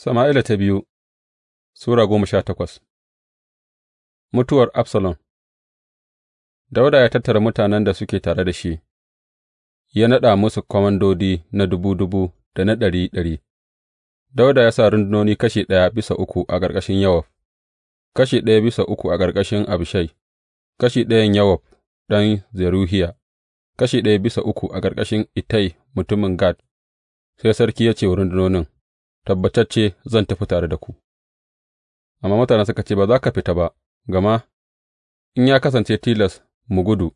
Sama'ila ta biyu Sura goma sha takwas Mutuwar Absalom Dauda ya tattara mutanen da suke tare da shi, ya naɗa musu kwamandodi na dubu dubu da na ɗari ɗari. Dauda ya sa rundunoni kashi ɗaya bisa uku a ƙarƙashin Yawaf, kashi ɗaya bisa uku a ƙarƙashin Abishai, kashi ɗayan Yawaf ɗan Zeruhiya, kashi ɗaya bisa uku a ƙarƙashin Itai mutumin Gad. Sai sarki ya ce wa rundunonin. tabbatacce zan tafi tare da ku. Amma mutanen suka ce, Ba za ka fita ba, gama in ya kasance tilas mu gudu,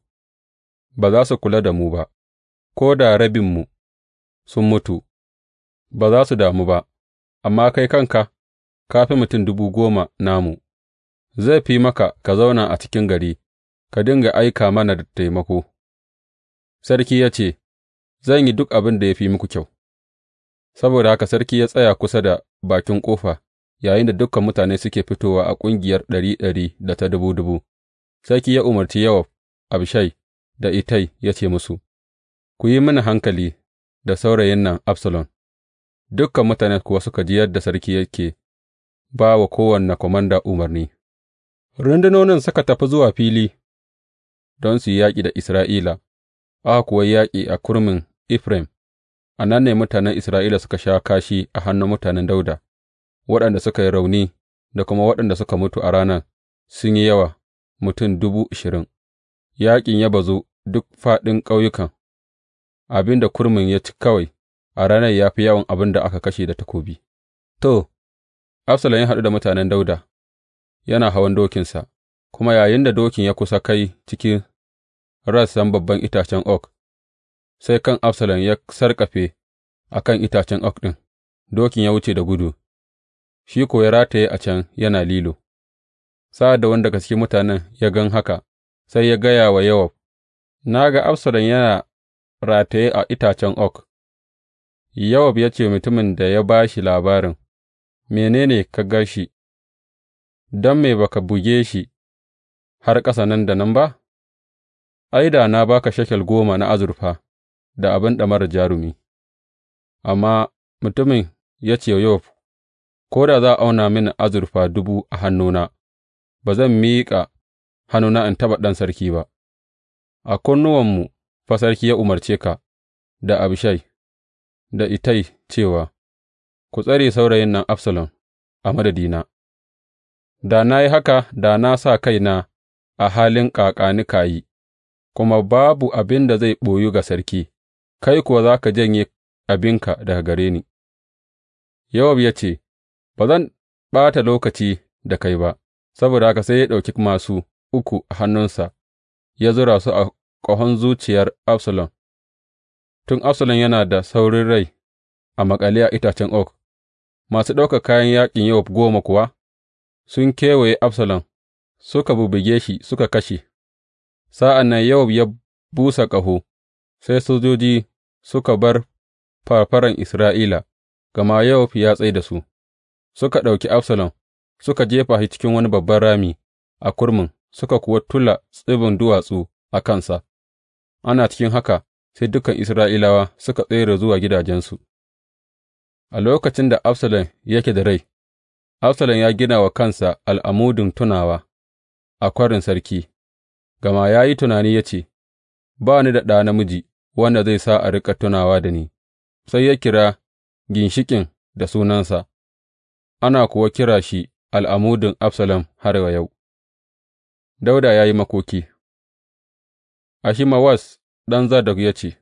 ba za su kula da mu ba, ko da rabinmu sun mutu, ba za su damu ba, amma kai kanka ka fi mutum dubu goma namu, zai fi maka ka zauna a cikin gari, ka dinga aika mana da taimako. Sarki ya ce, Zan yi duk abin da ya fi muku kyau. Saboda haka sarki ya tsaya kusa da bakin ƙofa da dukan mutane suke fitowa a ƙungiyar ɗari ɗari da ta dubu dubu, sarki ya umarci Yowab, Abishai da itai ya ce musu, Ku yi mini hankali da saurayin nan Absalom, dukan mutane kuwa suka ji yadda sarki yake ba wa kowane komanda umarni. Rundunonin suka tafi zuwa fili don su yi yaƙi da Isra'ila, aka kuwa yaƙi a kurmin Efraim. A nan ne mutanen Isra'ila suka sha kashi a hannun mutanen Dawuda, waɗanda suka yi rauni da kuma waɗanda suka mutu a ranar sun yi yawa, mutum dubu ashirin. Yaƙin ya bazu duk faɗin ƙauyukan, abin da kurmin ya ci kawai a ranar ya fi yawan abin da aka kashe da takobi. To, Absalom ya haɗu da mutanen Dawuda, yana hawan dokinsa, kuma yayin da dokin ya kusa kai cikin rassan babban itacen oak, sai kan Absalom ya sarƙafe a kan itacen oak ɗin, dokin ya wuce da gudu, shi ko ya rataye a can yana lilo. Sa'ad da wanda gaske mutanen ya gan haka, sai ya gaya wa Yowab, Na ga Absalom yana rataye a itacen oak. Yowab ya ce mutumin da ya ba shi labarin, Menene ka ga shi, don me baka buge shi har ƙasa nan da nan ba? Ai, na baka ka shekel goma na azurfa. da abin ɗamarar jarumi, amma mutumin ya ce wa Yowab, Ko da za a auna mini azurfa dubu a hannuna, ba zan miƙa hannuna in taɓa ɗan sarki ba, a kunnuwanmu fa sarki ya umarce ka da Abishai, da Itai cewa, Ku tsare saurayin nan Absalom a madadina, da na yi haka da na sa kaina a halin ƙaƙani kayi, kuma babu abin da zai ɓoyu ga sarki. kai kuwa za ka janye abinka daga gare ni. Yowab ya ce, Ba zan ɓata lokaci da kai ba, saboda haka sai ya ɗauki masu uku a hannunsa ya zura su a ƙahon zuciyar Absalom, tun Absalom yana da saurin rai a maƙale a itacen oak, masu ɗaukar kayan yaƙin Yowab goma kuwa sun kewaye Absalom, suka bubbuge shi suka kashe, sa'an nan Yowab ya busa ƙaho, sai sojoji suka bar fafaran Isra'ila, gama Yowab ya tsai da su, suka ɗauki Absalom, suka jefa shi cikin wani babban rami a kurmin, suka kuwa tula tsibin duwatsu a kansa, ana cikin haka sai dukan Isra'ilawa suka tsere zuwa gidajensu. A lokacin da Absalom yake da rai, Absalom ya gina wa kansa al'amudin tunawa a kwarin sarki, gama ya yi tunani ya ce, Ba ni da ɗa namiji, wanda zai sa a riƙa tunawa da ni, sai ya kira ginshiƙin da sunansa, ana kuwa kira shi al'amudin Absalom har wa yau. Dauda ya yi makoki mawas ɗan Zadok ya ce,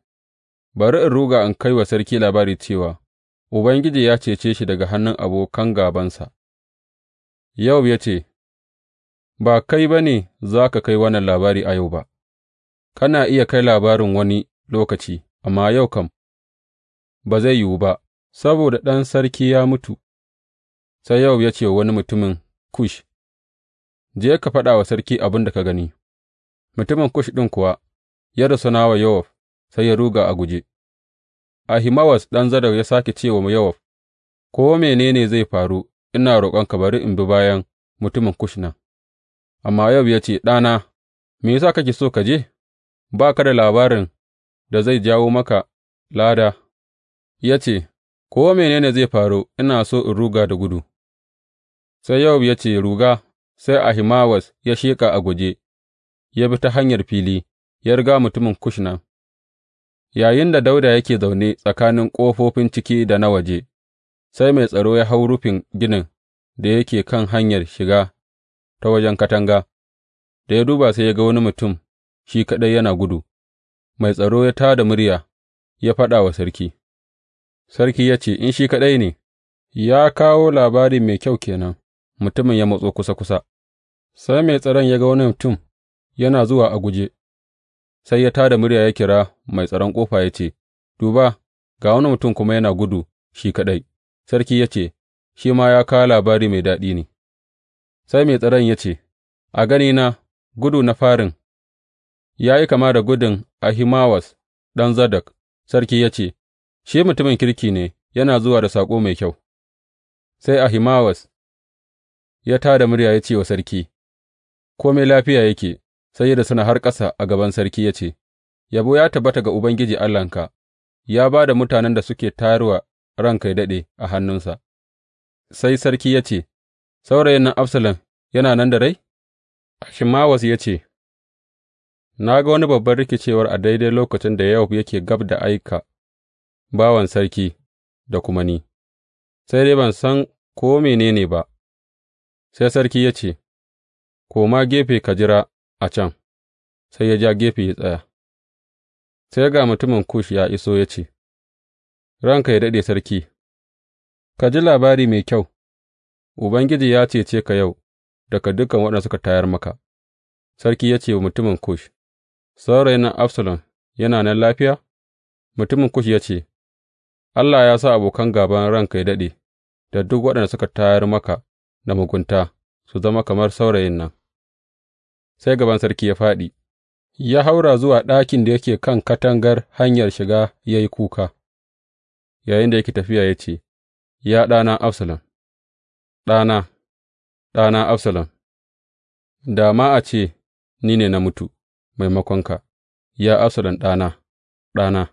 Bari in ruga in kai wa sarki labari cewa, Ubangiji ya cece shi daga hannun abokan gabansa. Yau ya ce, Ba kai ba ne za ka kai wannan labari a yau ba, kana iya kai labarin wani lokaci, amma yau kam ba zai yiwu ba, saboda ɗan sarki ya mutu. Sai yau ya ce wani mutumin Kush, Je ka faɗa wa sarki abin da ka gani, mutumin Kush ɗin kuwa ya rusuna wa Yowaf sai ya ruga a guje. Ahimawas ɗan Zadok ya sake ce wa Yowaf, Ko mene ne zai faru, ina roƙonka bari in bi bayan mutumin Kush nan. Amma yau ya ce, Ɗana, me yasa kake so ka je? Ba ka da labarin da zai jawo maka lada, ya ce, Ko mene ne zai faru, ina so in ruga da gudu. Sai Yowab ya ce, Ruga, sai Ahimawas ya sheƙa a guje, ya bi ta hanyar fili, ya riga mutumin kushna Yayin da Dauda yake zaune tsakanin ƙofofin ciki da na waje, sai mai tsaro ya hau rufin ginin da yake kan hanyar shiga ta wajen katanga, da ya duba sai ya ga wani mutum shi kaɗai yana gudu, mai tsaro ya tā da murya ya faɗa wa sarki, sarki ya ce, In shi kaɗai ne, ya kawo labari mai kyau kenan, mutumin ya matso kusa kusa, sai mai tsaron ya ga wani mutum yana zuwa a guje, sai ya tā da murya ya kira mai tsaron ƙofa ya ce, Duba, ga wani mutum kuma yana gudu shi kaɗai, sarki ya ce, Shi ma ya kawo labari mai daɗi ne, sai mai tsaron ya ce, A ganina, gudu na farin ya yi kama da gudun Ahimawas ɗan Zadok, sarki ya ce, Shi mutumin kirki ne, yana zuwa da saƙo mai kyau. Sai Ahimawas ya tā da murya ya ce wa sarki, Kome lafiya yake, sai ya suna har ƙasa a gaban sarki ya ce, Yabo ya tabbata ga Ubangiji Allahnka, ya ba da mutanen da suke tayarwa ranka ya daɗe a hannunsa. Sai sarki ya ce, Saurayin nan Absalom yana nan da rai? Ahimawas ya ce, Na ga wani babban rikicewar a daidai lokacin da Yowab yake gab da aika bawan sarki da kuma ni, sai dai ban san ko menene ba, sai sarki ya ce, Koma gefe ka jira a can, sai ya ja gefe ya tsaya, sai ga mutumin Kush ya iso ya ce, Ranka ya daɗe sarki, ka ji labari mai kyau, Ubangiji ya cece ka yau daga dukan waɗanda suka tayar maka, sarki ya ce wa mutumin Kush. Saurayin nan Absalom yana nan lafiya? Mutumin Kush ya ce, Allah ya sa abokan gaban ranka ya daɗe, da duk waɗanda suka tayar maka da mugunta su zama kamar saurayin nan. Sai gaban sarki ya faɗi. ya haura zuwa ɗakin da yake kan katangar hanyar shiga ya yi kuka, da yake tafiya ya ce, Ya ɗana Absalom, ɗana, ɗana Absalom, da ma a ce ni ne na mutu. maimakonka, Ya Absalom, ɗana, ɗana!